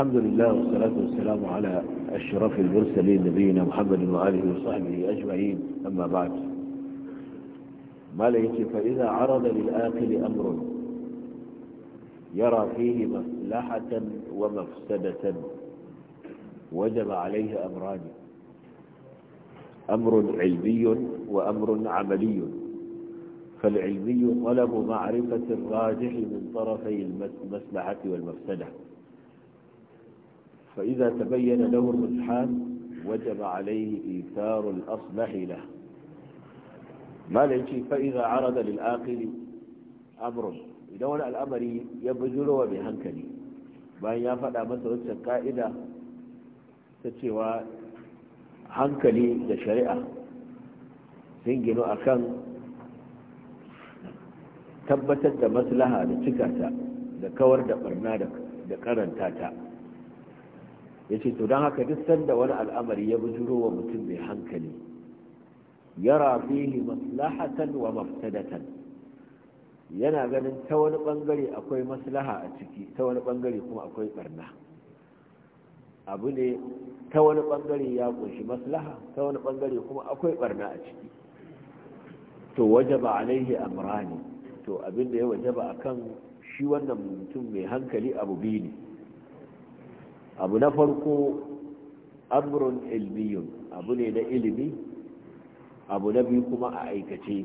الحمد لله والصلاة والسلام على أشرف المرسلين نبينا محمد وآله وصحبه أجمعين أما بعد ما ليس فإذا عرض للآقل أمر يرى فيه مصلحة ومفسدة وجب عليه أمران أمر علمي وأمر عملي فالعلمي طلب معرفة الراجح من طرفي المصلحة والمفسدة فإذا تبين له الرجحان وجب عليه إيثار الأصلح له ما ليش فإذا عرض للآقل أمر إذا ولا الأمر يبجل وبهنكلي bayan ya faɗa masa wacce ka'ida ta cewa hankali da shari'a sun gino a kan tabbatar da maslaha da cikata da kawar da barna da karanta ta ya ce to don haka duk sanda wani al'amari ya bujuro wa mutum mai hankali ya rafi maslahatan wa mafsadatan yana ganin ta wani bangare akwai maslaha a ciki ta wani bangare kuma akwai barna abu ne ta wani bangare ya kunshi maslaha ta wani bangare kuma akwai barna a ciki to waje ba alaihi amrani to abin da ya wajaba kan shi wannan mutum mai hankali abu biyu ne abu na farko amrun ilmiyun abu ne na ilimi abu na biyu kuma a aikace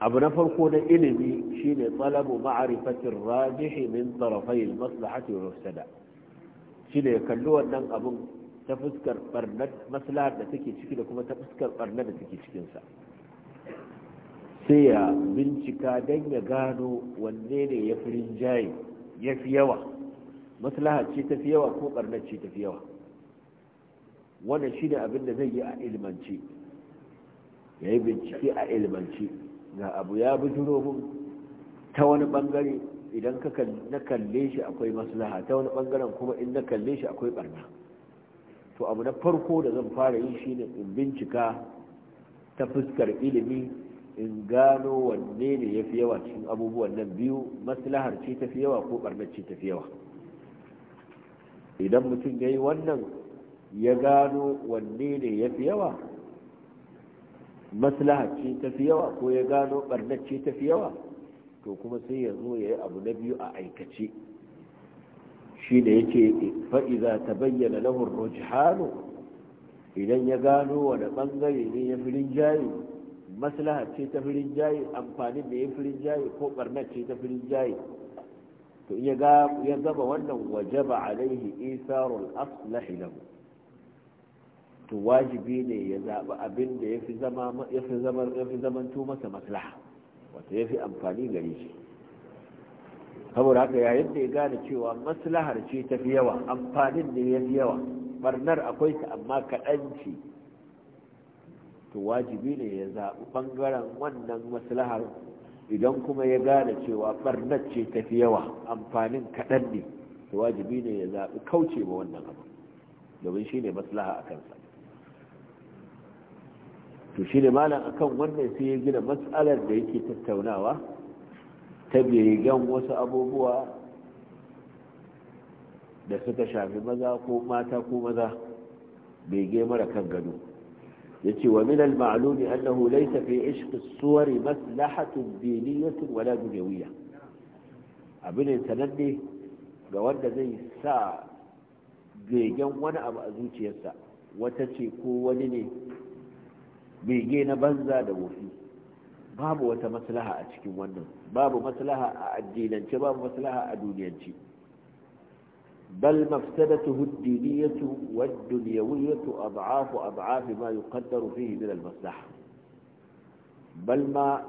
abu na farko na ilimi shine tsalabu ma'rifatir rajihi min tarafai al-maslahati Shi ne kalli wannan abun ta fuskar barnar maslahar da take ciki da kuma ta fuskar barnar da take cikinsa sai ya bincika dan ya gano wanne ne ya fi rinjaye ya fi yawa maslaha ce tafi yawa ko barnar ce tafi yawa wannan shi ne abin da zai yi a ilmanci ya yi bincike a ilmanci ga abu ya bujuro mun ta wani bangare idan na kalle shi akwai maslaha ta wani bangaren kuma in na kalle shi akwai barna to abu na farko da zan fara yi shine in bincika ta fuskar ilimi in gano wanne ne ya fi yawa cikin abubuwan nan biyu maslahar ce ta fi yawa ko barnar ce ta fi yawa idan mutum ya yi wannan ya gano wanne ne ya fi yawa maslaha ta fi yawa ko ya gano ɓarnar ta fi yawa to kuma sai ya zo ya yi abu na biyu a aikace shi da yake fa'iza ta bayyana lahun hano idan ya gano wani ɓangare ne ya fi rinjaye maslaha ta fi rinjaye amfanin da ya fi rinjaye ko ɓarnar ta fi rinjaye to in ya gaba wannan wajaba alaihi isarul aslahi lahu to wajibi ne ya zaɓi abin da ya fi zamanto masa maslaha wata ya amfani gare shi saboda haka yayin da ya gane cewa maslahar ce ta fi yawa amfanin ne ya fi yawa barnar akwai ta amma kaɗan to wajibi ne ya zaɓi ɓangaren wannan maslahar idan kuma ya gane cewa barnar ce tafi yawa amfanin kaɗan ne to wajibi ne ya zaɓi kauce ma wannan abu domin shi ne maslaha a kansa to shi ne malam akan wannan sai ya gina matsalar da yake tattaunawa ta begen wasu abubuwa da suka shafi maza ko mata ko maza bege mara kan gado yace wa min al-ma'lumi annahu laysa fi ishq as-suwar maslahatun diniyyatun wala dunyawiyya abin sananne ga wanda zai sa begen wani abu a zuciyarsa wata ce ko wani ne bege na banza da wofi babu wata maslaha a cikin wannan babu maslaha a addinance babu maslaha a duniyance بل مفسدته الدينية والدنيوية أضعاف أضعاف ما يقدر فيه من المصلحة بل ما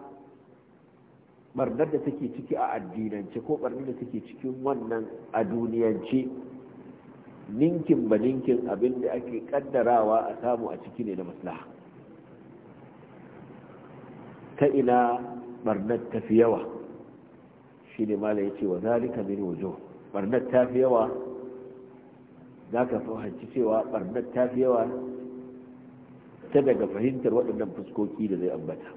مرنة تكي تكي أعدينا تكو مرنة تكي تكي مرنة أدونيا تكي ننكم بننكم أبن لأكي قدرا وأسامو أتكي لنا مصلحة كإنا مرنة تفيوة شيني ما ليتي وذلك من وجوه مرنة تفيوة za ka fahimci cewa ɓarnar ta fi yawa ta daga fahimtar waɗannan fuskoki da zai ambata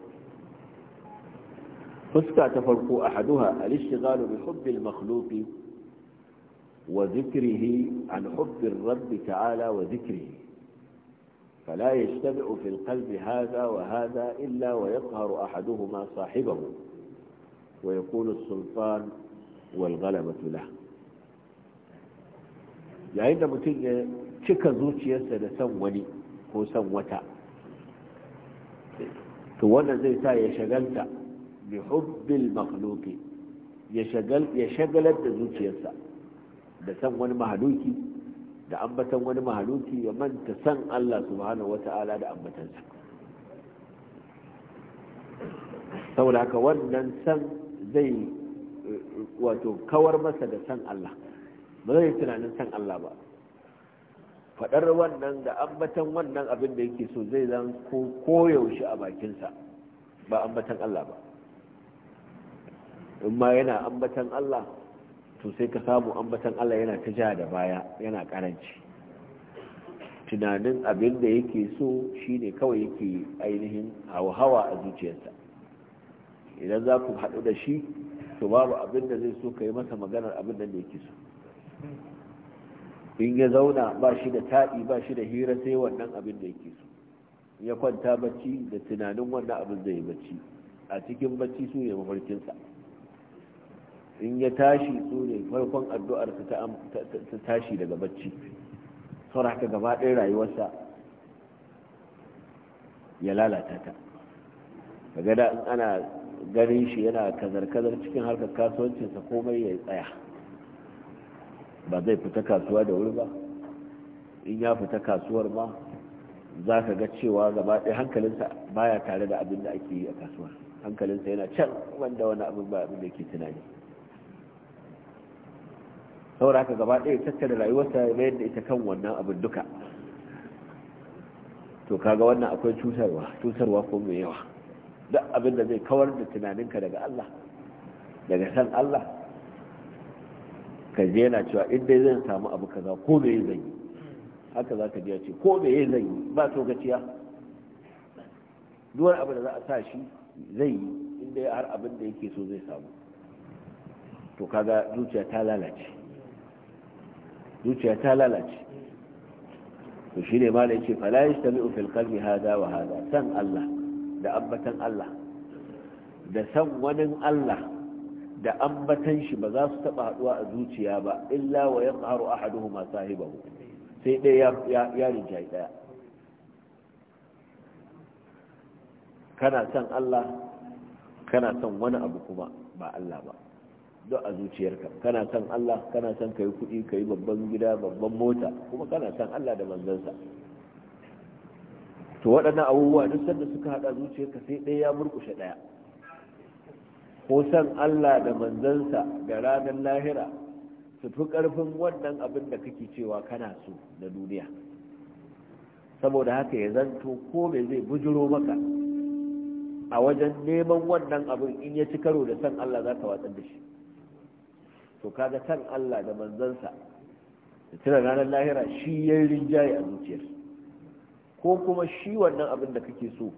fuska ta farko a haduha al-ishtighalu bi hubbil makhluqi wa zikrihi an hubbir rabbi ta'ala wa zikrihi فلا يجتمع في القلب هذا وهذا إلا ويقهر أحدهما صاحبه ويكون السلطان والغلبة له yayin da mutum ya cika zuciyarsa da san wani ko san wata to wannan zai sa ya shagalta bi hubbil makhluqi ya shagal ya shagalar da zuciyarsa da san wani mahaluki da ambatan wani mahaluki ya manta san Allah subhanahu wata'ala da ambatansa saboda haka wannan san zai wato kawar masa da san Allah ba zai tunanin san Allah ba faɗar wannan da ambatan wannan abin da yake so zai zan koyaushe a bakinsa ba ambatan Allah ba in ma yana ambatan Allah to sai ka samu ambatan Allah yana ta ja da baya yana karanci tunanin abin da yake so shine kawai yake ainihin hawa a zuciyarsa idan za ku haɗu da shi to babu abin da zai so ka yi masa maganar abin da yake so in ya zauna ba shi da taɗi ba shi da hira sai wannan abin da yake so ya kwanta bacci da tunanin wannan abin zai bacci a cikin bacci su ne mafarkinsa in ya tashi su ne farkon addu'arsa ta tashi daga bacci sau haka gaba ɗaya rayuwarsa ya lalata ta kaga da ana ganin shi yana kazar-kazar cikin harkar kasuwancinsa komai ya tsaya ba zai fita kasuwa da wuri ba in ya fita kasuwar ma za ka ga cewa gaba ɗaya hankalinsa baya tare da abin da ake yi a kasuwar hankalinsa yana can wanda wani abin ba abin da ke tunani saboda haka gaba ɗaya tattara rayuwarsa ya yadda da ita kan wannan abin duka to kaga wannan akwai cutarwa cutarwa ko mai yawa duk abin da zai kawar da tunaninka daga Allah daga san Allah ka je yana cewa idan zan samu abu kaza ko me zan yi haka za ka je ce ko me zan yi ba to duwar abu da za a sa shi zai yi inda har abin da yake so zai samu to kaga zuciya ta lalace zuciya ta lalace to shi ne ma da yake fala yastami'u fil qalbi hada wa hada san Allah da abbatan Allah da san wani Allah da ambatan shi ba za su taba haduwa a zuciya ba illa wa yaqharu ahaduhuma sahibahu sai dai ya ya rinjayi daya kana son Allah kana son wani abu kuma ba Allah ba don a zuciyarka kana son Allah kana son kai kuɗi kai babban gida babban mota kuma kana son Allah da manzansa to waɗannan abubuwa duk sanda suka haɗa zuciyarka sai ɗaya ya murkushe ɗaya ko san Allah da manzansa da ranar lahira su fi ƙarfin wannan abin da kake cewa kana so na duniya saboda haka ya zanto ko me zai bujiro maka a wajen neman wannan abin in ya ci karo da san Allah za ka watsar da shi to kaga san Allah da manzansa da tuna ranar lahira shi ya yi rinjaye a zuciyar ko kuma shi wannan abin da kake so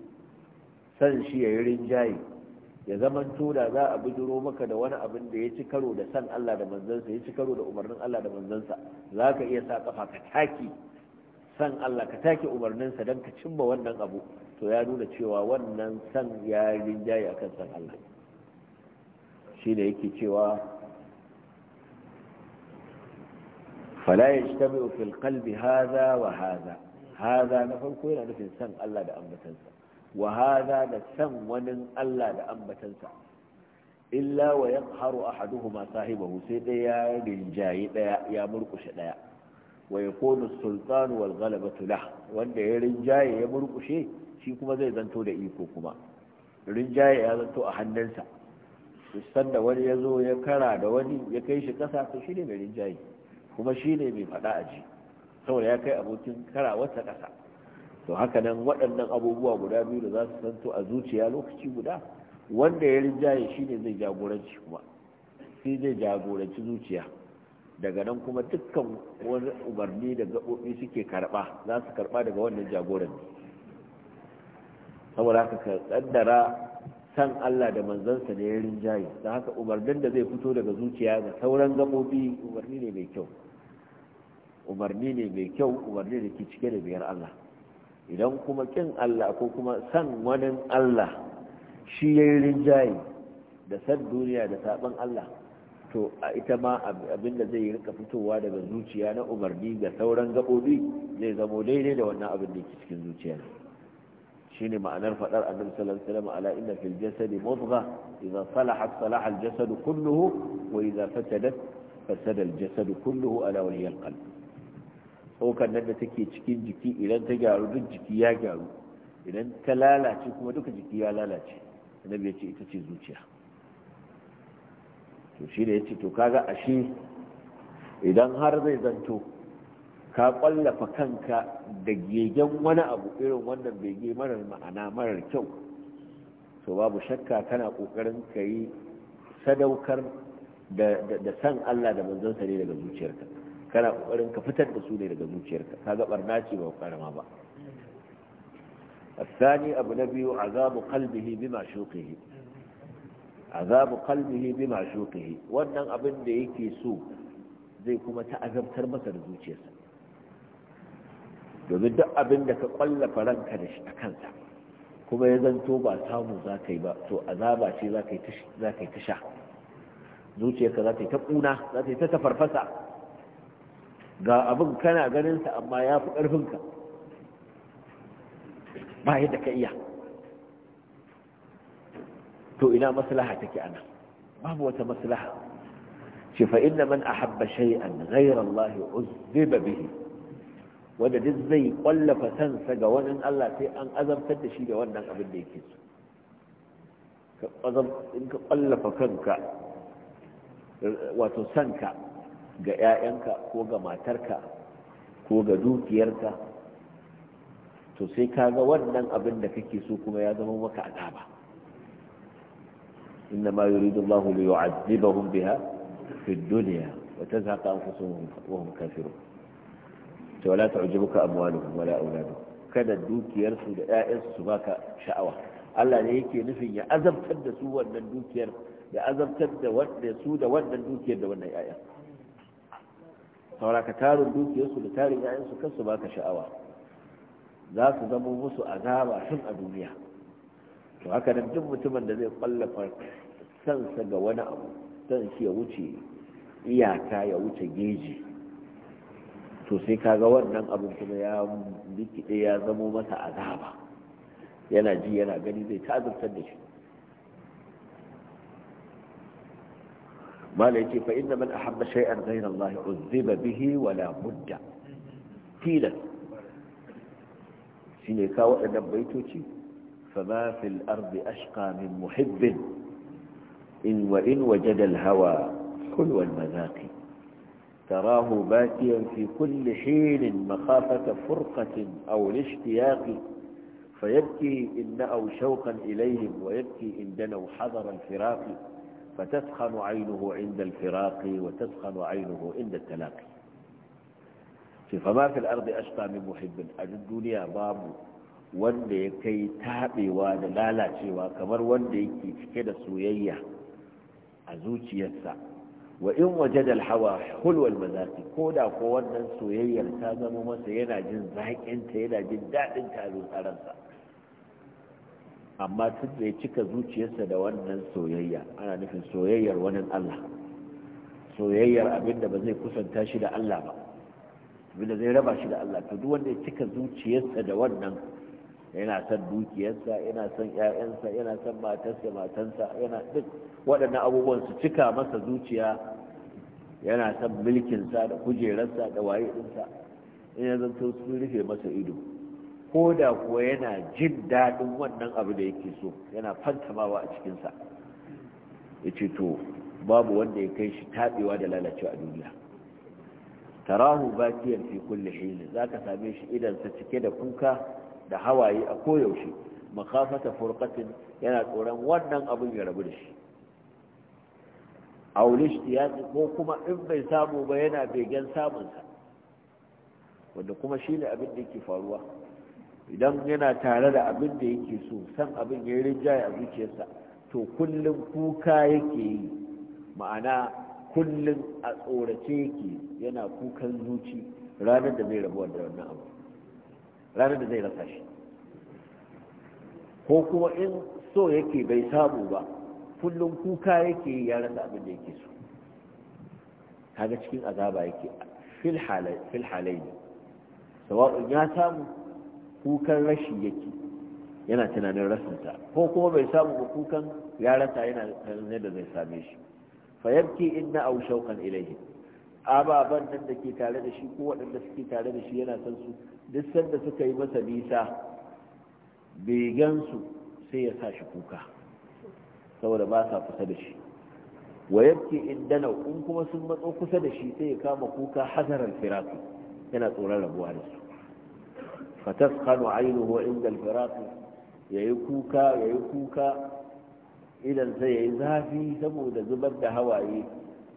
san shi ya yi rinjaye ya zaman da za a bijiro maka da wani abin da ya ci karo da san Allah da manzansa ya ci karo da umarnin Allah da manzansa za ka iya sa kafa ka taki san Allah ka take umarninsa don ka cimma wannan abu to ya nuna cewa wannan san ya rinjaye akan san Allah shi da yake cewa fala yajtami'u fil qalbi hadha wa hadha haza na farko yana nufin san Allah da ambatansa wa da san wani Allah da ambatansa illa wa haduhu masu sahibahu sai ɗaya ya rinjaye daya ya murkushe daya wa yakunu sultan wal ghalabatu lah wanda ya rinjaye ya murkushe shi kuma zai zanto da iko kuma rinjaye ya zanto a hannunsa da wani ya zo ya kara da wani ya kai shi kasa to shi ne mai rinjaye kuma shi ne mai faɗa a ji saboda ya kai abokin kara wata kasa to haka nan waɗannan abubuwa guda biyu da za su santo a zuciya lokaci guda wanda ya rinjaye shi ne zai jagoranci kuma shi zai jagoranci zuciya daga nan kuma dukkan wani umarni da gaɓoɓi suke karɓa za su karɓa daga wannan jagoran saboda haka ka tsaddara san Allah da manzansa da ya rinjaye da haka umarnin da zai fito daga zuciya ga sauran gaɓoɓi umarni ne mai kyau umarni ne mai kyau umarni da ke cike da biyar Allah idan kuma kin Allah ko kuma san wani Allah shi ya yi rinjaye da san duniya da saɓan Allah to a ita ma abin da zai rika fitowa daga zuciya na umarni ga sauran gaɓoɓi zai zamo daidai da wannan abin da ke cikin zuciya shine ma'anar faɗar a sallallahu alaihi ala inda fil jasadi mudgha idza salahat salaha al kulluhu wa idza fasadat fasada al kulluhu ala waliyar al ɗaukar nan da take cikin jiki idan ta gyaru duk jiki ya gyaru idan ta lalace kuma duka jiki ya lalace annabi ya ce ita ce zuciya to shi ne ya ce to kaga ashe idan har zai zanto ka kwallafa kanka da gegen wani abu irin wannan bege marar ma'ana marar kyau to babu shakka kana kokarin ka yi sadaukar da san Allah da manzansa ne daga zuciyarka kana kokarin ka fitar da su ne daga zuciyarka kaga barna ce ba karama ba الثاني أبو نبي عذاب قلبه بمعشوقه عذاب قلبه بمعشوقه wannan abin da yake so zai kuma ta'azabtar masa da zuciyarsa domin duk abin da ka kwallafa ranka da shi a kansa kuma ya zanto ba samu za ka yi ba to azaba ce za ka yi ta sha zuciyarka za ta yi ta ƙuna za ta yi ta tafarfasa ga abin kana ganinsa amma ya fi ƙarfinka ba yadda ka iya to ina maslaha take ana babu wata maslaha ce fa inna man ahabba shay'an ghayra Allah uzziba bihi wanda duk zai kwallafa sansa ga wani Allah sai an azabtar da shi da wannan abin da yake so in ka kwallafa kanka wato sanka ga 'ya'yanka ko ga matarka ko ga dukiyarka to sai ka ga wannan abin da kake so kuma ya zama maka azaba inna ma yuridu Allahu li yu'adhibahum biha fi dunya wa tazhaqa anfusuhum wa hum kafirun to wala ta'jibuka amwaluhum wala auladuhum kada dukiyarsu da ƴaƴansu su baka sha'awa Allah ne yake nufin ya azabtar da su wannan dukiyar ya azabtar da wanda su da wannan dukiyar da wannan 'ya'yan saura ka tarin dukiyarsu da tarin ‘ya'yansu kansu baka sha'awa za su zamo musu azaba tun a duniya to haka nan duk mutumin da zai kwallafa kansa ga wani abu san shi ya wuce iyaka ya wuce geji to sai kaga wannan abin kuma ya likide ya zamo masa azaba yana ji yana gani zai tazurtar da shi ما ليتي فإن من أحب شيئا غير الله عذب به ولا بد تيلا سينيكا وإن بيتوتي فما في الأرض أشقى من محب إن وإن وجد الهوى حلو المذاق تراه باتيا في كل حين مخافة فرقة أو الاشتياق فيبكي إن أو شوقا إليهم ويبكي إن دنوا حذر الفراق فتسخن عينه عند الفراق وتسخن عينه عند التلاقي فما في الأرض أشقى من محب الدنيا باب وندي كي تابي وانا لا لا شوى كمر وندي كي كده سويية أزوج يسع وإن وجد الحوا حلو المذاك كودا فوانا سويية لتازم ما سينا جن زهك انت يلا جن داد انت أزوج أرنسا amma tun da ya cika zuciyarsa da wannan soyayya ana nufin soyayyar wani Allah soyayyar abin da ba zai kusanta shi da Allah ba abin da zai raba shi da Allah to duk wanda ya cika zuciyarsa da wannan yana son dukiyarsa yana son ƴaƴansa yana son matarsa matansa yana duk waɗannan abubuwan su cika masa zuciya yana son mulkinsa da kujerarsa da waye ɗinsa in ya zanto sun rufe masa ido ko da kuwa yana jin daɗin wannan abu da yake so yana fantamawa a cikinsa ya ce to babu wanda ya kai shi taɓewa da lalacewa a duniya tarahu bakiyar fi kulle hili za ka same shi idansa cike da kuka da hawaye a koyaushe makafata furkatin yana tsoron wannan abin ya rabu da shi A aulish ya ko kuma in bai samu ba yana begen samunsa wanda kuma shi ne abin da yake faruwa idan yana tare da abin da yake so san abin ya rinjaye a zuciyarsa to kullum kuka yake yi ma'ana kullum a tsorace yake yana kukan zuci ranar da zai rabuwa da wannan abu ranar da zai rasa shi ko kuma in so yake bai samu ba kullum kuka yake ya rasa abin da yake so kaga cikin azaba yake fil halai ne sawa'un ya samu kukan rashi yake yana tunanin rasinta ko kuma bai samu ba kukan ya rasa yana tunanin da zai same shi fa yabki inna aw shauqan ilayhi ababan nan da ke tare da shi ko waɗanda suke tare da shi yana san su duk sanda suka yi masa bisa, bai gansu sai ya sa shi kuka saboda ba sa kusa da shi wa yabki indana in kuma sun matso kusa da shi sai ya kama kuka hazaran firatu yana tsoron rabuwa da su fataskhanu aynuhu inda al-firaq yayi yayi kuka idan sai yayi zafi saboda zubar da hawaye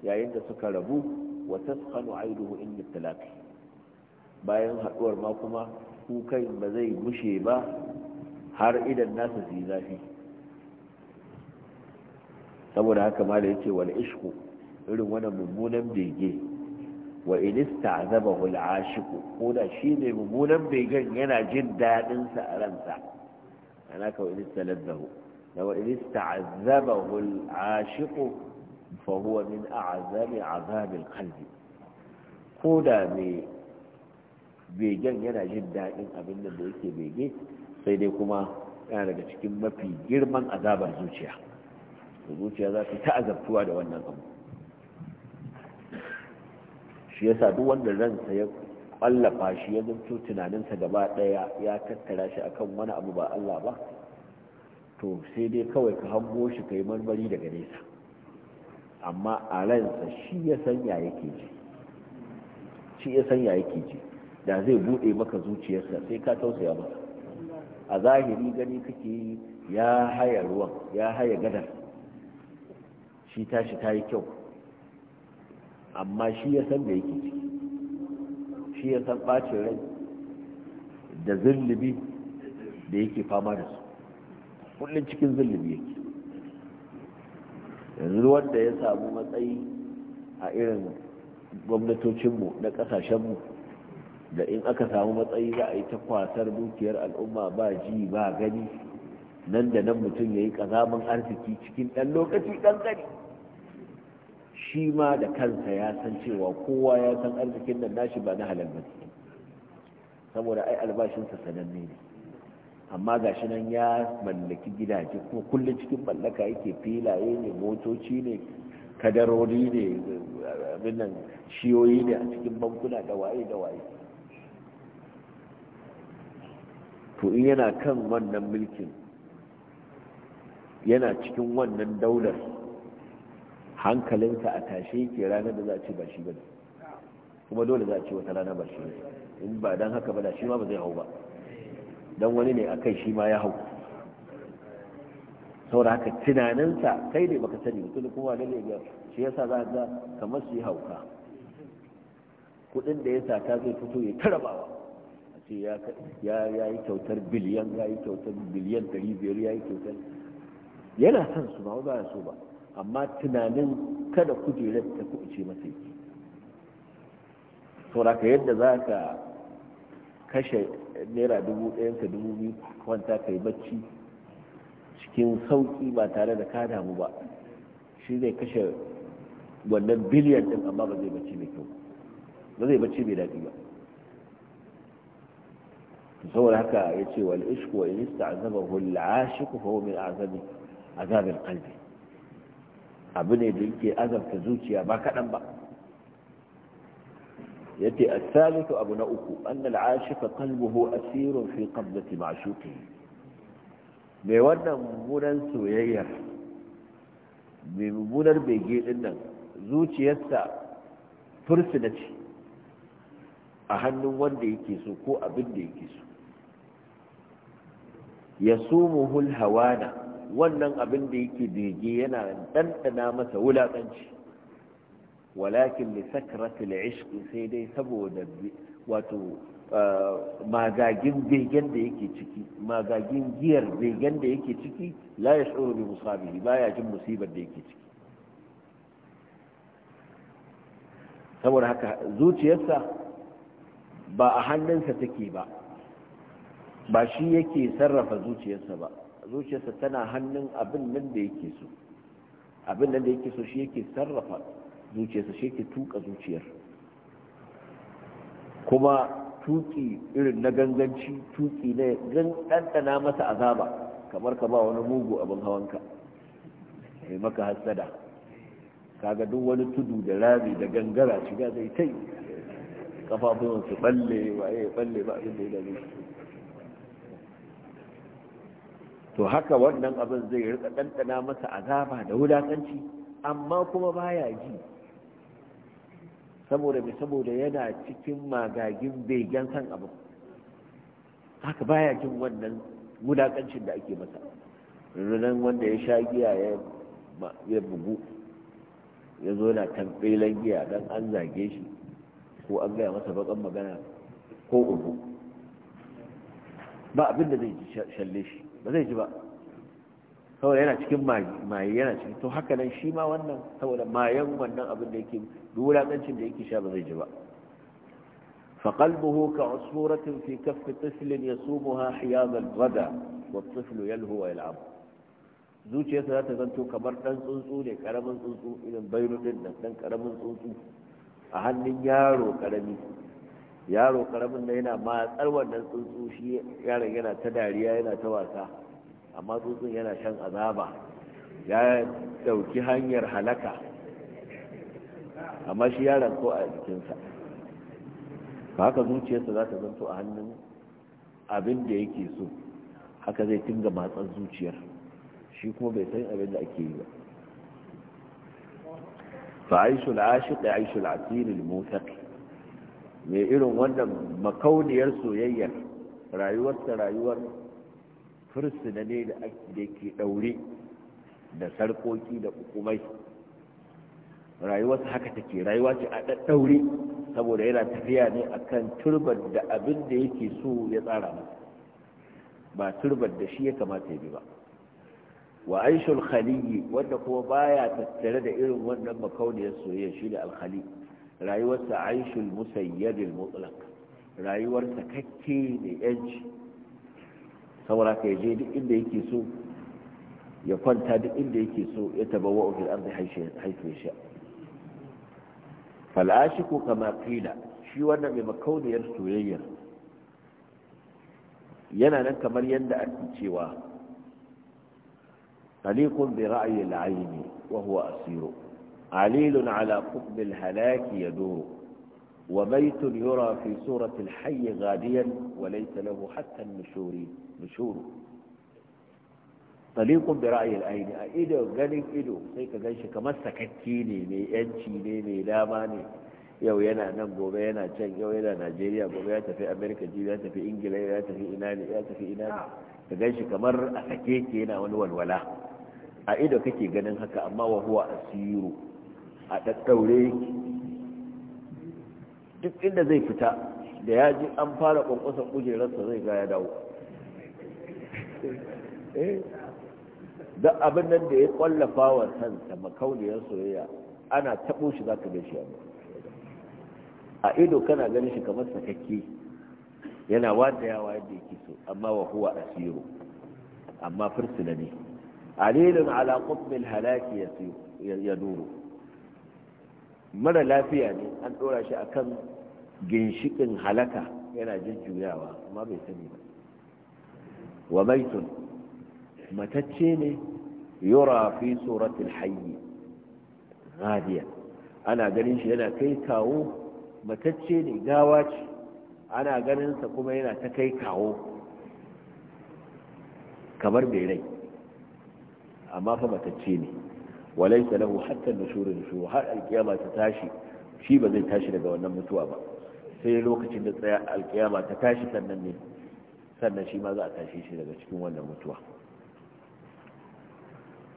yayin da suka rabu wa taskhanu aynuhu inda talaqi bayan haduwar ma kuma kukan ba zai mushe ba har idan nasa su yi zafi saboda haka ma da yake wal ishku irin wani mummunan bege وإن استعذبه العاشق قولا شين ممولا بيجن ينا جدا ننسى أرنسى هناك وإن استلذه وإن استعذبه العاشق فهو من أعذاب عذاب القلب قولا بيجن ينا جدا إن أبن نبيك بيجي سيديكما أنا قلت كما في جرمان أذاب الزوجيا الزوجيا ذاك تأذب توالي وأنا أمو shi ya duk wanda ransa ya kwallafa shi ya zato tunaninsa gaba ɗaya ya tattara shi akan wani abu ba Allah ba to sai dai kawai ka hango shi kai marmari daga nesa amma a ransa shi ya sanya yake ji shi ya sanya yake ji da zai bude maka zuciyarsa sai ka tausaya masa a zahiri gani kake ya haya ruwan ya haya gadar shi tashi ta yi kyau amma shi ya san da yake ciki shi ya san ɓacin rai da zullubi da yake fama da su kullum cikin zullubi yake yanzu wanda ya samu matsayi a irin gwamnatocinmu na ƙasashenmu da in aka samu matsayi za a yi ta kwasar dukiyar al'umma ba ji ba gani nan da nan mutum ya yi ƙazamin arziki cikin ɗan lokaci ɗan gani shi ma da kansa ya san cewa kowa ya san arzikin nan nashi ba na halal ba saboda ai albashinsa sananne ne amma ga shi nan ya mallaki gidaje kuma kullum cikin mallaka yake filaye ne motoci ne kadarori ne abin nan shiyoyi ne a cikin bankuna da waye da waye to in yana kan wannan mulkin yana cikin wannan daular hankalinka a tashe ke ranar da za a ce ba shi ba kuma dole za a ce wata rana ba shi in ba don haka ba da shi ma ba zai hau ba don wani ne a kai shi ma ya hau saboda haka tunaninsa kai ne baka sani mutum kuma na ne ga shi yasa za ka kamar su yi hauka kudin da ya sa ta zai fito ya tarabawa a ce ya yi kyautar biliyan ya yi kyautar biliyan 500 ya yi kyautar yana son su ba ba ya so ba amma tunanin kada kujerar ta ce masa yake sauraka yadda za ka kashe naira dubu ɗayan dubu biyu kwanta ka yi bacci cikin sauƙi ba tare da ka damu ba shi zai kashe wannan biliyan ɗin amma ba zai bacci mai kyau ba zai bacci mai daɗi ba saboda haka ya ce wal ishku wa in ista'azaba hul ashiku fa a zabin abu ne da yake azabta zuciya ba kaɗan ba a salisu abu na uku an أن العاشق قلبه أسير في masu معشوقه mai wannan mummunan soyayyar mai mummunar bege din nan zuciyarsa fursuna ce a hannun wanda yake so ko abin da yake so ya hawa hawana wannan abin da yake dege yana ɗanɗana masa wulaƙanci walakin li sakratul ishq sai dai saboda wato eh, magagin begen da yake ciki magagin giyar begen da yake ciki la yash'uru bi musabihi ya jin musibar da yake ciki saboda haka zuciyarsa ba a hannunsa take ba ba shi yake sarrafa zuciyarsa ba zuciyarsa tana hannun abin nan da yake so abin nan da yake so shi yake sarrafa zuciyarsa shi yake tuka zuciyar kuma tuki irin na ganganci tuki na ɗanɗana masa azaba kamar ka ba wani mugu abin hawanka mai maka hasada kaga duk wani tudu da rami da gangara shiga zai tai kafafuwan su balle waye balle ba abin da ya so. to haka wannan abin zai rika ɗanɗana masa azaba da wulakanci amma kuma baya ji saboda mai saboda yana cikin magagin begen san abin haka baya jin wannan wulakancin da ake masa runan wanda ya sha giya ya bugu ya zo na tamfilan giya don an zage shi ko an gaya masa bakan magana ko ubu ba abin da zai shalle shi ba zai ji ba saboda yana cikin maye yana cikin to haka nan shi ma wannan saboda mayan wannan abin da yake duwulatsancin da yake sha ba zai ji ba فقلبه كعصفورة في كف طفل يصومها حيام الغداء والطفل يلهو ويلعب zuciyarsa za ta zanto kamar ɗan tsuntsu ne ƙaramin tsuntsu irin bairu ɗin nan ɗan ƙaramin tsuntsu a hannun yaro ƙarami yaro karamin na yana matsar wannan tsuntsu shi yaron yana ta dariya yana ta wasa amma tsuntsun yana shan azaba ya dauki hanyar halaka amma shi yaron ko a jikinsa ba haka zuciyarsa za ta zanto a hannun abin da yake so haka zai tinga matsan zuciyar shi kuma bai san abin da ake yi ba fa ashiq aishu al mai irin wannan makauniyar soyayyar rayuwarsa rayuwar fursuna ne da ake ɗaure da sarkoki da Rayuwar rayuwarsa haka take rayuwa ce a daddaure saboda yana tafiya ne a kan turbar da abin da yake so ya tsara masa ba turbar da shi ya kamata ya bi ba wa aishul khaliyi wanda kuma baya tattare da irin wannan makauniyar soyayya shi da alkhali rayuwarsa aishul musayyadil mutlaq rayuwar kake da yanci saboda ka je duk inda yake so ya kwanta duk inda yake so ya wa fil ardi haifu sha fal ashiku kama qila shi wannan mai makauniyar soyayyar yana nan kamar yadda ake cewa talikun bi ra'ayi al-ayni wa huwa asiru عليل على قطب الهلاك يدور وبيت يرى في س الحي غاديا وليس له حتى النشور نشور طليق ب ر أ ي ا ل أ ي ن ايدو غنم ايدو سيك غنش كمسك التيني مي انشي مي مي لا ماني يو ينا نم غوبينا تشن يو ينا نيجيريا غوبياتا في امريكا جيبياتا في انجليزي ياتا في ايناني ياتا في ايناني آه. غنش كمر افكيكينا ونوال ولا ايدو كتي غنم هكا اما وهو اسيرو a ɗaɗɗaure duk inda zai fita da ya ji an fara ƙwanƙwasan kujerarsa zai ga ya dawo eh, don abin nan da ya ƙwallafa wa sansa makauniyar soyayya ana taɓo shi za ka shi a ido kana ganin shi kamar sakakke yana yawa yadda yake so amma wa huwa asiru amma fursuna ne a lilin halaki ya duru mara lafiya ne an dora shi a kan ginshikin halaka yana jujjuyawa amma bai sani ba wa maitun matacce ne yura fi suratul hayyi ghadiya ana ganin shi yana kai kawo matacce ne gawa ce ana ganin sa kuma yana ta kai kawo kamar bai rai amma fa matacce ne وليس له حتى النشور النشور هل القيامة تتاشي شي بذي تاشي لك وانا متوابا في الوقت اللي القيامة تتاشي سنني سنة شي ماذا أتاشي شي لك شكو وانا متوابا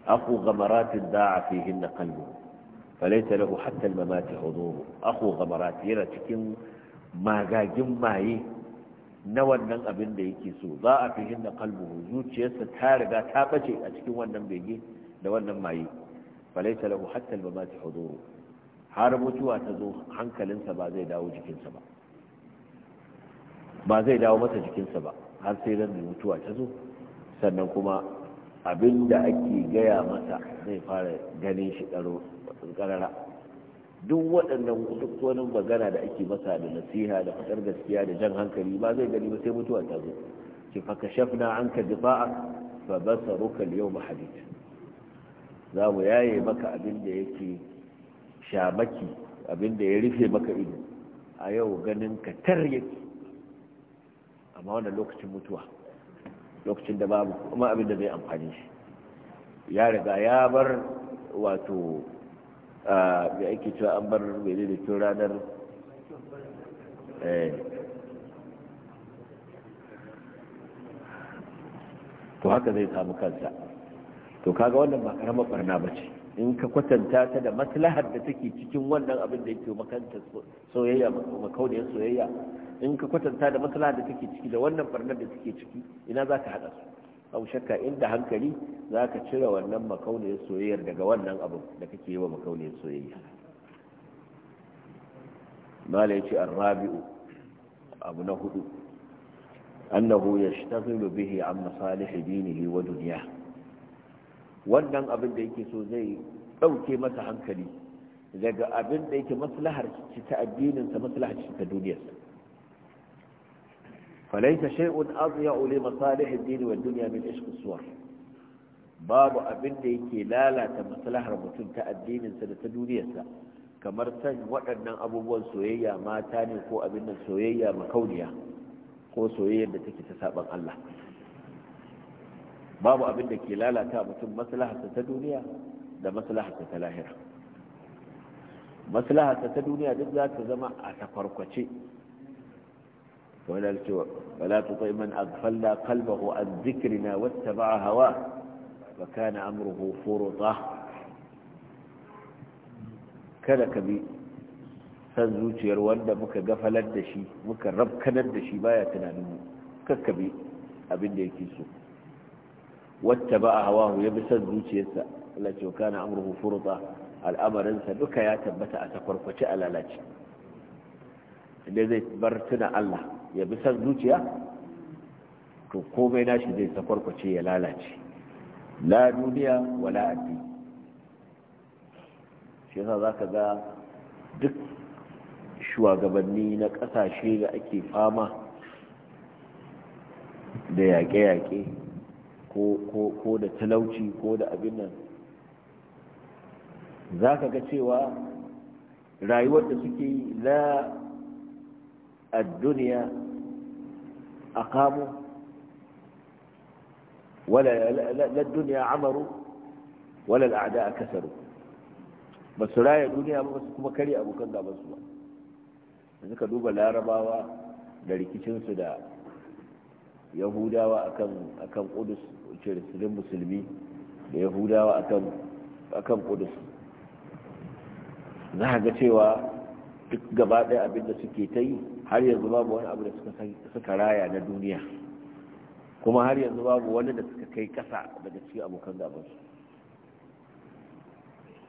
أخو غمرات داع فيهن قلبه فليس له حتى الممات حضوره أخو غمرات يرى تكين ما جا جمعي نوى نن أبن بيكي سو ضاع فيهن قلبه زود يسا تارغا تابجي أشكو وانا بيجي نوى نمعي نو falaita lahu hatta al-mamat huduru har mutuwa ta zo hankalinsa ba zai dawo jikinsa ba ba zai dawo masa jikinsa ba har sai ran da mutuwa ta zo sannan kuma abinda ake gaya masa zai fara ganin shi ɗaro ƙarara duk waɗannan duk wani magana da ake masa da nasiha da faɗar gaskiya da jan hankali ba zai gani ba sai mutuwa ta zo ki fa kashafna anka difa'a fa basaruka al-yawma hadith za mu yaye maka abin da yake shamaki abin da ya rufe maka ido a yau ganin ka tar yake amma wannan lokacin mutuwa lokacin da babu kuma abin da zai amfani shi ya riga ya bar wato da ake cewa an bar mai cikin ranar eh. to haka zai samu kansa to kaga wannan ba karamar barna ba ce in ka kwatanta ta da maslahar da take cikin wannan abin da yake makanta soyayya makauniyar soyayya in ka kwatanta da maslahar da take ciki da wannan barnar da take ciki ina za ka haɗa su abu shakka inda hankali za ka cire wannan makauniyar soyayyar daga wannan abin da kake yi wa makauniyar soyayya mala ya ce rabi'u abu na hudu annahu yashtaghilu bihi an masalihi dinihi wa dunyahi wannan abin da yake so zai ɗauke masa hankali daga abin da yake maslahar ci ta addininsa maslahar ci ta sa. falaita shay'un adya'u li masalih ad-din wa ad-dunya min ishq suwar babu abin da yake lalata maslahar mutum ta addininsa da ta sa, kamar san waɗannan abubuwan soyayya mata ne ko abin nan soyayya makauniya ko soyayyar da take ta saban Allah babu abin da ke lalata mutum maslaharsa ta duniya da maslaharsa ta lahira maslaharsa ta duniya duk za ta zama a tafarkwace takwarkwace ولا ولا تطع من أغفلنا قلبه عن ذكرنا واتبع هواه وكان أمره فرطا kada ka bi san zuciyar wanda muka gafalar da shi muka rabkanar da shi baya tunaninmu kakkabi abin da yake so wata ba a hawahu ya bi son zuciyarsa Allah ce kana amruhu furta al'amarinsa duka ya tabbata a takwarkwace a lalace inda zai bar tuna Allah ya bi son zuciya to komai nashi zai takwarkwace ya lalace la duniya wala addini shi yasa zaka ga duk shugabanni na ƙasashe da ake fama da yaƙe-yaƙe ko da talauci ko da abin nan za ka ga cewa rayuwar da suke yi la a duniya a kamo wala duniya amaru wala al'ada a kasaru ba su raya duniya ba su kuma karya abokan su ba yanzu ka duba larabawa da rikicinsu da yahudawa akan kudus sulun musulmi da yahudawa akan kudus za a ga cewa duk gaba ɗaya abin da suke ta yi har yanzu babu wani abu da suka raya na duniya kuma har yanzu babu wani da suka kai ƙasa daga cikin abokan gabansu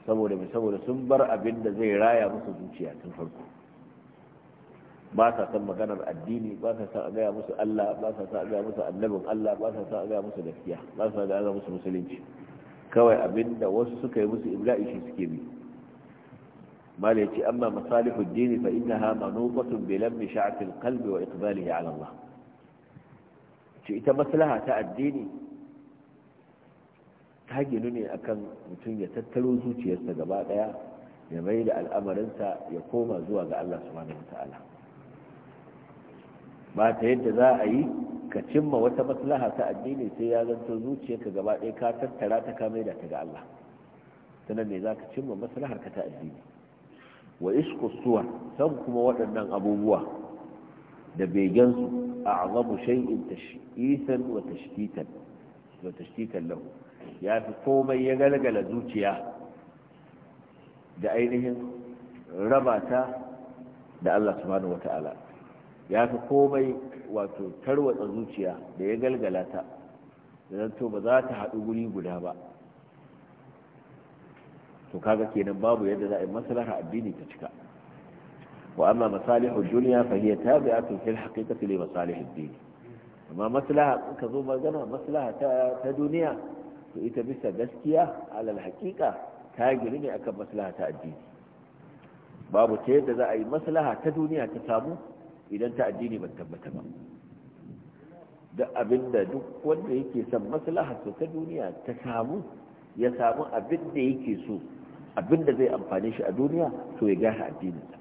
saboda mai saboda sun bar abin da zai raya musu zuciya tun farko ba sa san maganar addini ba sa san a gaya musu Allah ba sa san a gaya musu annabin Allah ba sa san a gaya musu gaskiya ba sa san a gaya musu musulunci kawai abinda wasu suka yi musu ibla'i shi suke bi mala yace amma masalihu ad-din fa innaha manuqatun bi lammi sha'ati al wa iqbalihi ala Allah ce ita maslaha ta addini ta ginu ne akan mutum ya tattaro zuciyarsa gaba daya ya mai da al'amarinsa ya koma zuwa ga Allah subhanahu ba ta yadda za a yi ka cimma wata maslaha ta addini sai ya zanto zuciyarka gaba ɗaya ka tattara ta ka da ta ga Allah sanan ne za ka cimma maslahar ka ta addini wa isku suwa san kuma waɗannan abubuwa da su a azabu shay'in tashkitan wa tashkitan wa tashkitan lahu ya fi komai ya galgala zuciya da ainihin raba ta da Allah subhanahu ta'ala ya fi komai wato tarwatsa zuciya da ya galgala ta da to ba za ta haɗu guri guda ba to kaga kenan babu yadda za a yi maslaha addini ta cika wa amma masalihu duniya fa hiya tabi'atu fil haqiqati li masalihi ad amma maslaha ka zo magana maslaha ta duniya to ita bisa gaskiya alal haqiqa ta giri ne akan maslaha ta addini babu ta yadda za a yi maslaha ta duniya ta samu idan ta addini ba tabbata ba da abinda duk wanda yake son maslaha to ta duniya ta samu ya samu abinda yake so abinda zai amfane shi a duniya to ya gyara addininsa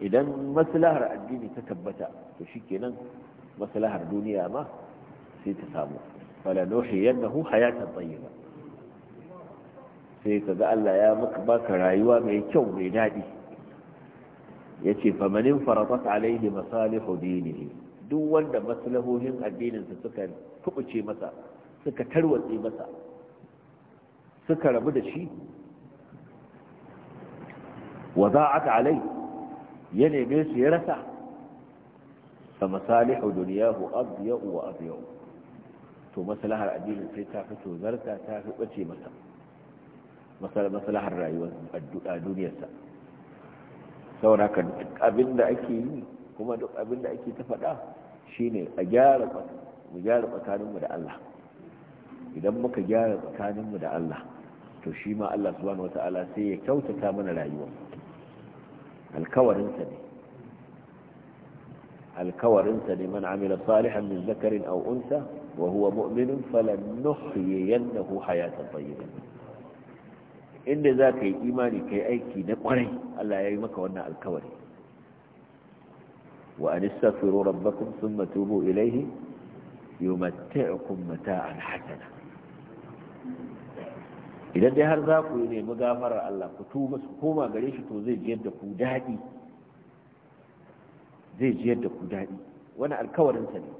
idan maslahar addini ta tabbata to shikenan maslahar duniya ma sai ta samu fala nuhiyannahu hayatan tayyiba sai kaga Allah ya maka baka rayuwa mai kyau mai dadi ya ce famanin faratat alaihi masalihu dinihi duk wanda maslahohin addininsa suka kubuce masa suka tarwatse masa suka rabu da shi wa ta alai ya neme su ya rasa fa masalihu dunyahu adya'u wa adya'u to maslahar addinin sai ta fi zarta ta fi ɓace masa maslahar rayuwar duniyarsa sauraka ka duk ake yi kuma duk abinda ake ta faɗa shine a gyara mu gyara tsakaninmu da Allah idan muka gyara tsakaninmu da Allah to shi ma Allah subhanahu wata'ala sai ya kyautata mana rayuwa alkawarinsa ne alkawarinsa ne man amila salihan min zakarin aw unsa wa huwa mu'minun falannuhyiyannahu hayatan tayyibah inda za ka yi imani ka yi aiki na kwarai Allah ya yi maka wannan alkawari wa an istaghfiru rabbakum thumma tubu ilayhi yumatti'ukum mata'an hasana idan dai har za ku yi nemi gafarar Allah ku tuba su koma gare shi to zai jiyar da ku daɗi zai jiyar da ku daɗi wani alkawarin sa ne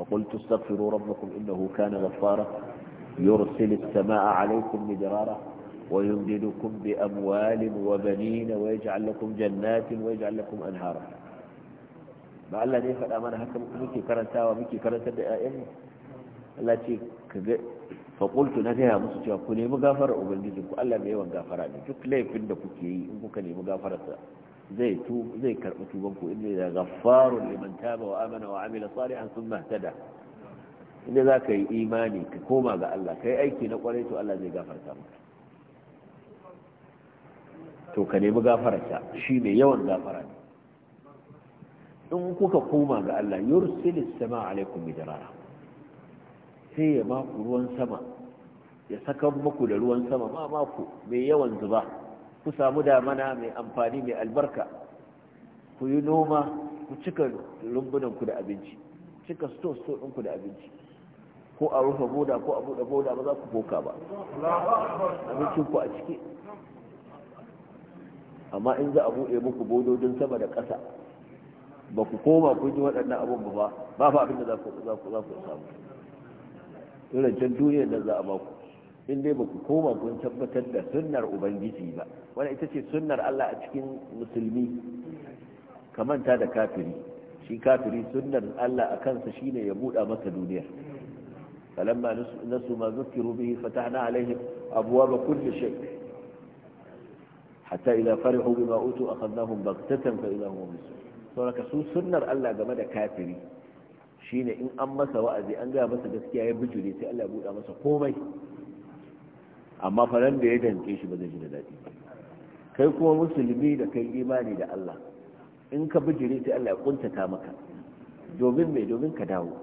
wa qultu astaghfiru rabbakum innahu kana ghaffara يرسل السماء عليكم مدرارا ويمددكم بأموال وبنين ويجعل لكم جنات ويجعل لكم أنهارا ما الذي دي فقال أمانا إيه هكا مكي كرنسا ومكي كرنسا دائم الله فقلت نفيها مصر كوني مغافر وبنجزم قال الله إيه بيوان غافراني شوف لي فين دكوكي كوني إيه مغافرة زي توب زي كرأتو بمكو إني غفار لمن تاب وآمن وعمل صالحا ثم اهتدى inda za ka yi imani ka koma ga Allah ka yi aiki na kwarai to Allah zai gafarta maka to ka nemi gafararsa shi mai yawan gafara ne in kuka koma ga Allah yursilis sama alaikum bidarara sai ya maku ruwan sama ya saka muku da ruwan sama ma maku mai yawan zuba ku samu damana mai amfani mai albarka ku yi noma ku cika rumbunanku da abinci cika sto-sto ɗinku da abinci ko a rufe boda ko a bude boda ba za ku koka ba abincin ku a ciki amma in za a bude muku bododin sama da ƙasa ba ku koma kun ji waɗannan abin ba ba ba abin da za ku samu irin can duniyar da za a ba ku in dai ba ku koma kun tabbatar da sunnar ubangiji ba wani ita ce sunnar allah a cikin musulmi kamanta da kafiri shi kafiri sunnar allah a kansa shine ya buɗa masa duniyar فلما نسوا ما ذكروا به فتحنا عليهم أبواب كل شيء حتى إذا فرحوا بما أوتوا أخذناهم بغتة فإذا هم مبلسون sauraka su sunnar Allah game da kafiri shine in an masa wa'azi an gaya masa gaskiya ya bijire sai Allah ya buɗa masa komai amma faran da ya danke shi ba zai ji da daɗi kai kuma musulmi da kai imani da Allah in ka bijire sai Allah ya kuntata maka domin mai domin ka dawo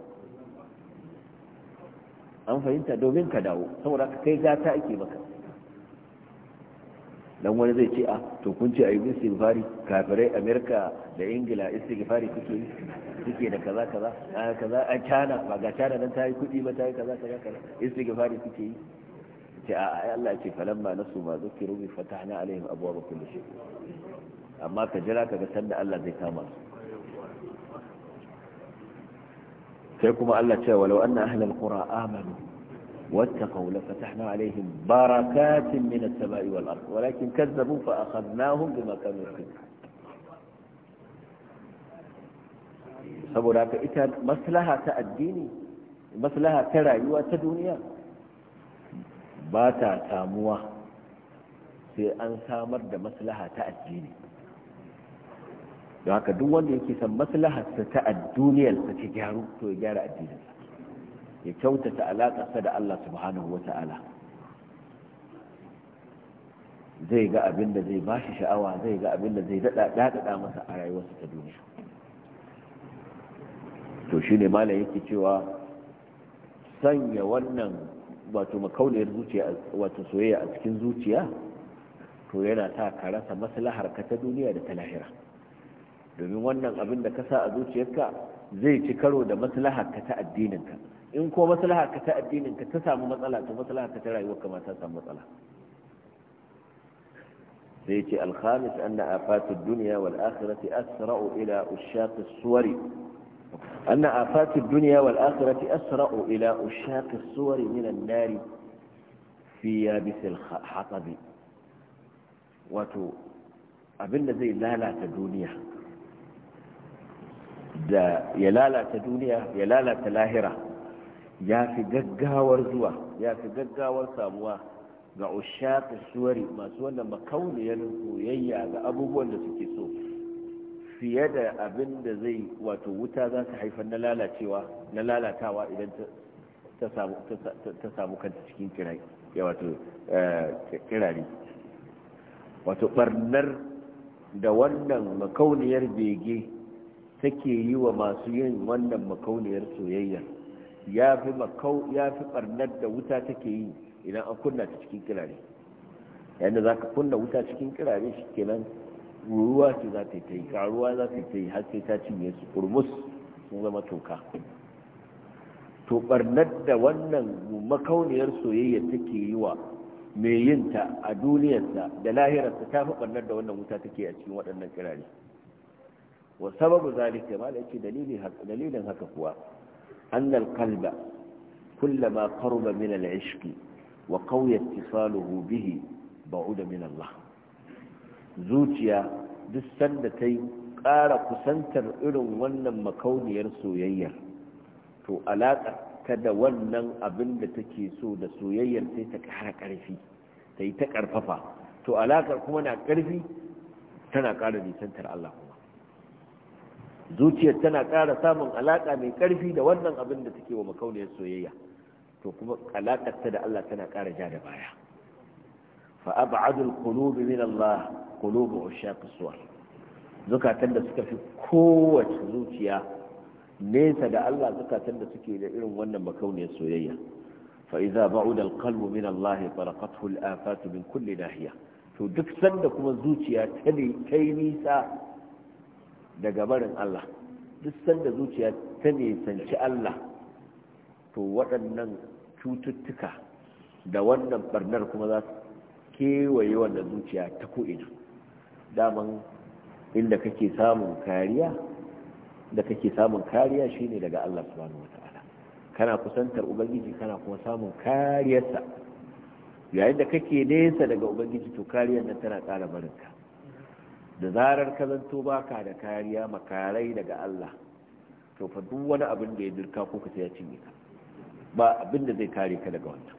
an fahimta domin ka dawo saboda ka kai gata ake maka dan wani zai ce a ah, to kun ce ayyukan istighfari kafirai amerika da ingila istighfari kuke yi suke da kaza kaza a kaza a cana ba ga cana nan ta yi kudi ba ta yi kaza kaza kaza istighfari kuke yi ce a ai Allah ce falamma nasu ma zukiru bi fatahna alaihim abwaaba kulli shay amma ka jira kaga sanda Allah zai kama su sai kuma Allah ce walau anna ahlal qura amanu wattaqu la fatahna alaihim barakatin min as-sama'i wal ard walakin kazzabu fa akhadnahum bima kanu yafsikun saboda ka ita maslaha ta addini maslaha ta rayuwa ta duniya ba ta samuwa sai an samar da maslaha ta addini don haka duk wanda yake san maslaharsa ta adduniyar sa ta gyaru to ya gyara addininsa ya kyautata sa da Allah subhanahu wata'ala zai ga abin da zai bashi sha'awa zai ga abin da zai daɗaɗa masa a rayuwarsa ta duniya to shine malam yake cewa sanya wannan wato makauniyar zuciya wato soyayya a cikin zuciya to yana sa ka rasa maslahar ka ta duniya da ta lahira domin wannan abin da ka sa a zuciyarka zai ci karo da maslaharka ta addininka in ko maslaharka ta addininka ta samu matsala to maslaharka ta rayuwarka ma ta samu matsala sai ce alhamis an anna afatud dunya wal akhirati asra'u ila ushaq as-suwari أن آفات الدنيا والآخرة أسرع ila أشاق suwari من النار fi يابس الحطب وتو wato abinda zai lalata duniya da ya lalata duniya ya lalata lahira ya fi gaggawar zuwa ya fi gaggawar samuwa ga ushaka suwari masu wannan makauniyar soyayya ga abubuwan da suke so fiye da abin da zai wato wuta za ta haifar na lalacewa na lalatawa idan ta samu kanta cikin kirai ya eh, kirari wato barnar da wannan makauniyar bege take yi wa masu yin wannan makauniyar soyayya ya fi makau ya fi barnar da wuta take yi idan an kunna ta cikin kirare yadda za ka kunna wuta cikin kirare shi kenan ruwa ce za ta yi ta yi karuwa za ta yi har sai ta cinye su kurmus sun zama toka to barnar da wannan makauniyar soyayya take yi wa mai yinta a duniyarsa da lahirarsa ta fi barnar da wannan wuta take a cikin waɗannan kirare wa sababu zalika ma da yake dalilin haka kuwa annal kalba kullama qaruba min al-ishq wa qawiya ittisaluhu bihi ba'uda min Allah zuciya duk sanda ta yi ƙara kusantar irin wannan makauniyar soyayyar to alaƙa ta da wannan abin da take so da soyayyar sai ta ƙara ƙarfi ta yi ta ƙarfafa to alaƙar kuma na ƙarfi tana ƙara nisantar Allah zuciyar tana ƙara samun alaka mai karfi da wannan abin da take wa makauniyar soyayya to kuma alaƙarta da Allah tana kara ja da baya fa ab'adul qulubi min Allah qulubu ushaq suwar zukatan da suka fi kowace zuciya nesa da Allah zukatan da suke da irin wannan makauniyar soyayya fa idza ba'uda al qalbu min Allah faraqathu al min kulli nahiya to duk sanda kuma zuciya ta ne kai nisa daga barin Allah duk sanda zuciya ta nisanci Allah to waɗannan cututtuka da wannan barnar kuma za su kewaye wannan zuciya ta ko'ina daman inda kake samun kariya da kake samun kariya shine daga Allah subhanahu wata'ala kana kusantar ubangiji kana kuma samun kariyarsa yayin da kake nesa daga ubangiji to kariyar nan tana ƙara barinka da zarar ka zanto baka da kariya makarai daga Allah to fa duk wani abin da ya dirka ko ka ya cinye ka ba abin da zai kare ka daga wannan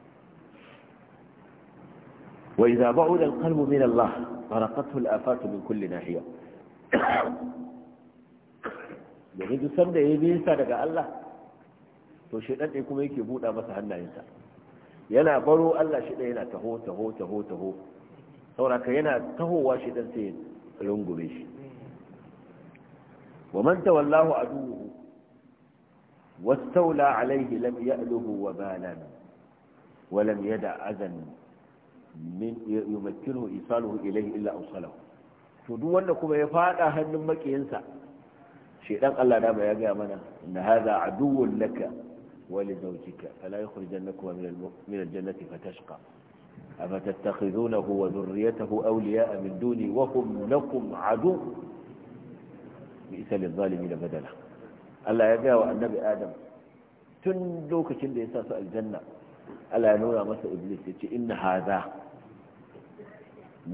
wa idza ba'uda al-qalbu min Allah faraqathu al-afatu min kulli nahiya da duk sanda ya nisa daga Allah to dan ɗaya kuma yake buɗa masa hannayensa yana baro Allah shi dai yana taho taho taho taho sauraka yana tahowa dan sai rungume shi wa man tawallahu aduhu wastaula alaihi lam aluhu wa balan wa lam yada azan min yumakkinu isaluhu ilayhi illa awsalahu to duk wanda kuma ya fada hannun makiyinsa shedan Allah na ba ya ga mana haza hadha aduwwun laka wa li zawjika fala yukhrijannakum min al-jannati fatashqa أفتتخذونه وذريته أولياء من دوني وهم لكم عدو بئس للظالمين بدلا الله يجاوى النبي آدم تندوك شند إنساس الجنة ألا نورا مسا إبليس إن هذا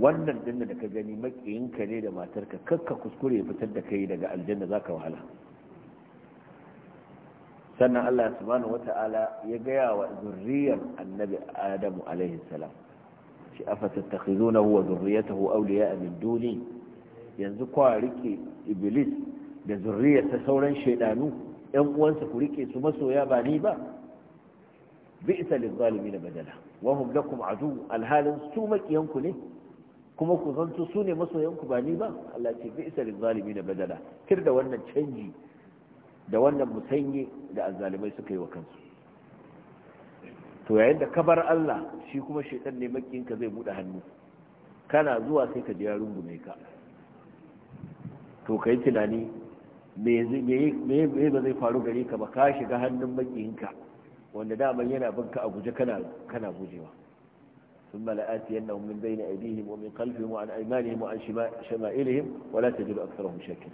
wannan الجنة da ka gani makiyinka ne da matarka kakka kuskure fitar da kai daga aljanna zaka wahala sannan Allah subhanahu ta'ala ya gaya wa zurriyar annabi adamu alaihi salam shi afatattakhizunahu wa zurriyatahu awliya'a min duni yanzu kwa rike iblis da zurriyar ta sauran shaidanu yan uwansa ku rike su masoya ba ni ba bi'sa lizalimin badala wa hum lakum adu alhalin su makiyanku ne kuma ku zanto su ne masoyanku ba ni ba Allah ce bi'sa lizalimin badala kir da wannan canji da wannan musanye da azzalimai suka yi wa kansu to yayin da ka bar Allah shi kuma shaitan ne makinka zai bude hannu kana zuwa sai ka je ya rungume ka to ka yi tunani me me ba zai faru gare ka ba ka shiga hannun makinka wanda daman yana binka a guje kana gujewa. Sun kana gujewa ثم لآتينهم من بين أيديهم ومن خلفهم وعن أيمانهم وعن wala ta تجد أكثرهم شاكرين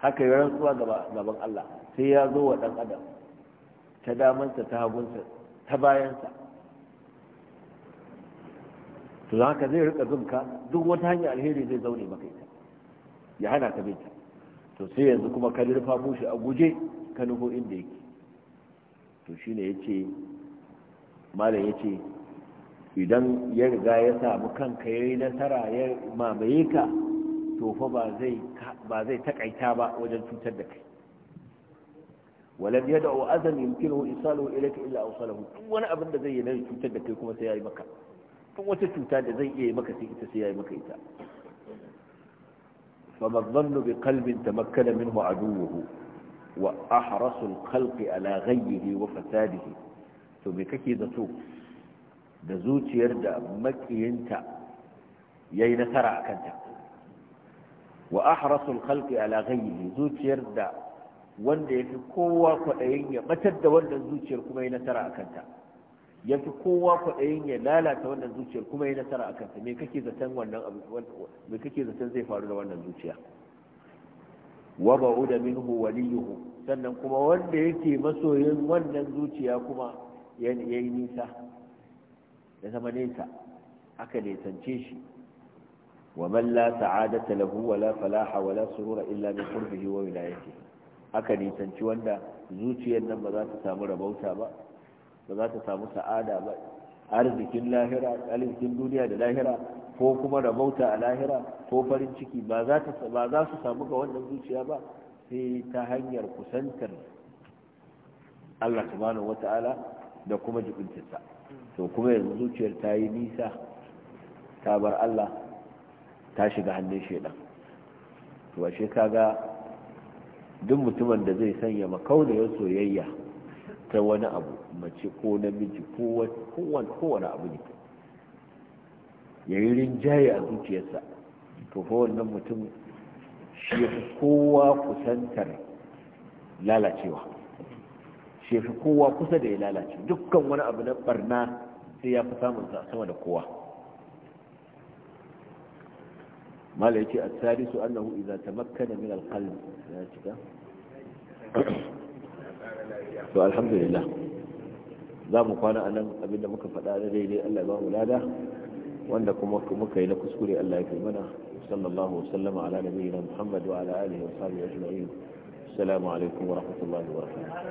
haka yi rantsuwa gaban Allah sai ya zo wa ɗan adam ta damansa ta hagunsa ta bayansa to za ka zai rika zumka duk wata hanya alheri zai zaune maka ita ya hana ka binta to sai yanzu kuma ka rufa mushi a guje ka nufo inda yake to shi ne ya ce malam ya ce idan ya riga ya samu kanka ya yi nasara ya mamaye ka to fa ba zai taƙaita ba wajen cutar da kai ولم يدع أذى يمكنه إيصاله إليك إلا أوصله وانا أبدا زي نبي تتدك لكم سياي مكة وتتتاد زي إيه مكة سيئة سياي مكة فما الظن بقلب تمكن منه عدوه وأحرص الخلق على غيه وفساده ثم كي ذاتو ذاتو يردى مكي انت يين سرع كنت وأحرص الخلق على غيه زو يردى wanda ya fi kowa kwaɗayin ya batar da wannan zuciyar kuma ya nasara a kanta ya fi kowa kwaɗayin ya lalata wannan zuciyar kuma ya nasara a kanta me kake zaton wannan me kake zaton zai faru da wannan zuciya wa da minhu waliyuhu sannan kuma wanda yake masoyin wannan zuciya kuma ya yi nisa ya zama nesa aka nesance shi ومن لا wala falaha ولا فلاح surura illa إلا من wa وولايته aka nisanci wanda zuciyar nan ba za ta samu rabauta ba ba za ta samu sa'ada ba arzikin lahira arzikin duniya da lahira ko kuma rabauta a lahira ko farin ciki ba za su samu ga wannan zuciya ba sai ta hanyar kusantar Allah subhanahu wata'ala da kuma jibintarsa to kuma yanzu zuciyar ta yi nisa ta bar Allah ta shiga hannun shaidan to ashe kaga duk mutumin da zai sanya makauniyar soyayya ta wani abu mace ko namiji ko wani abu ne ya yi rinjaye a zuciyarsa to fa wannan mutum shi fi kowa kusantar lalacewa shi fi kowa kusa da ya lalace dukkan wani abu na barna sai ya fi samun sama da kowa mala yace at-thalithu annahu idza tamakkana min al ya cika to alhamdulillah za mu kwana anan abinda muka faɗa da daidai Allah ya ba mu wanda kuma muka yi na kuskure Allah ya kai mana sallallahu wa sallama ala nabiyyina Muhammad wa ala alihi wa sahbihi ajma'in assalamu alaikum wa rahmatullahi wa barakatuh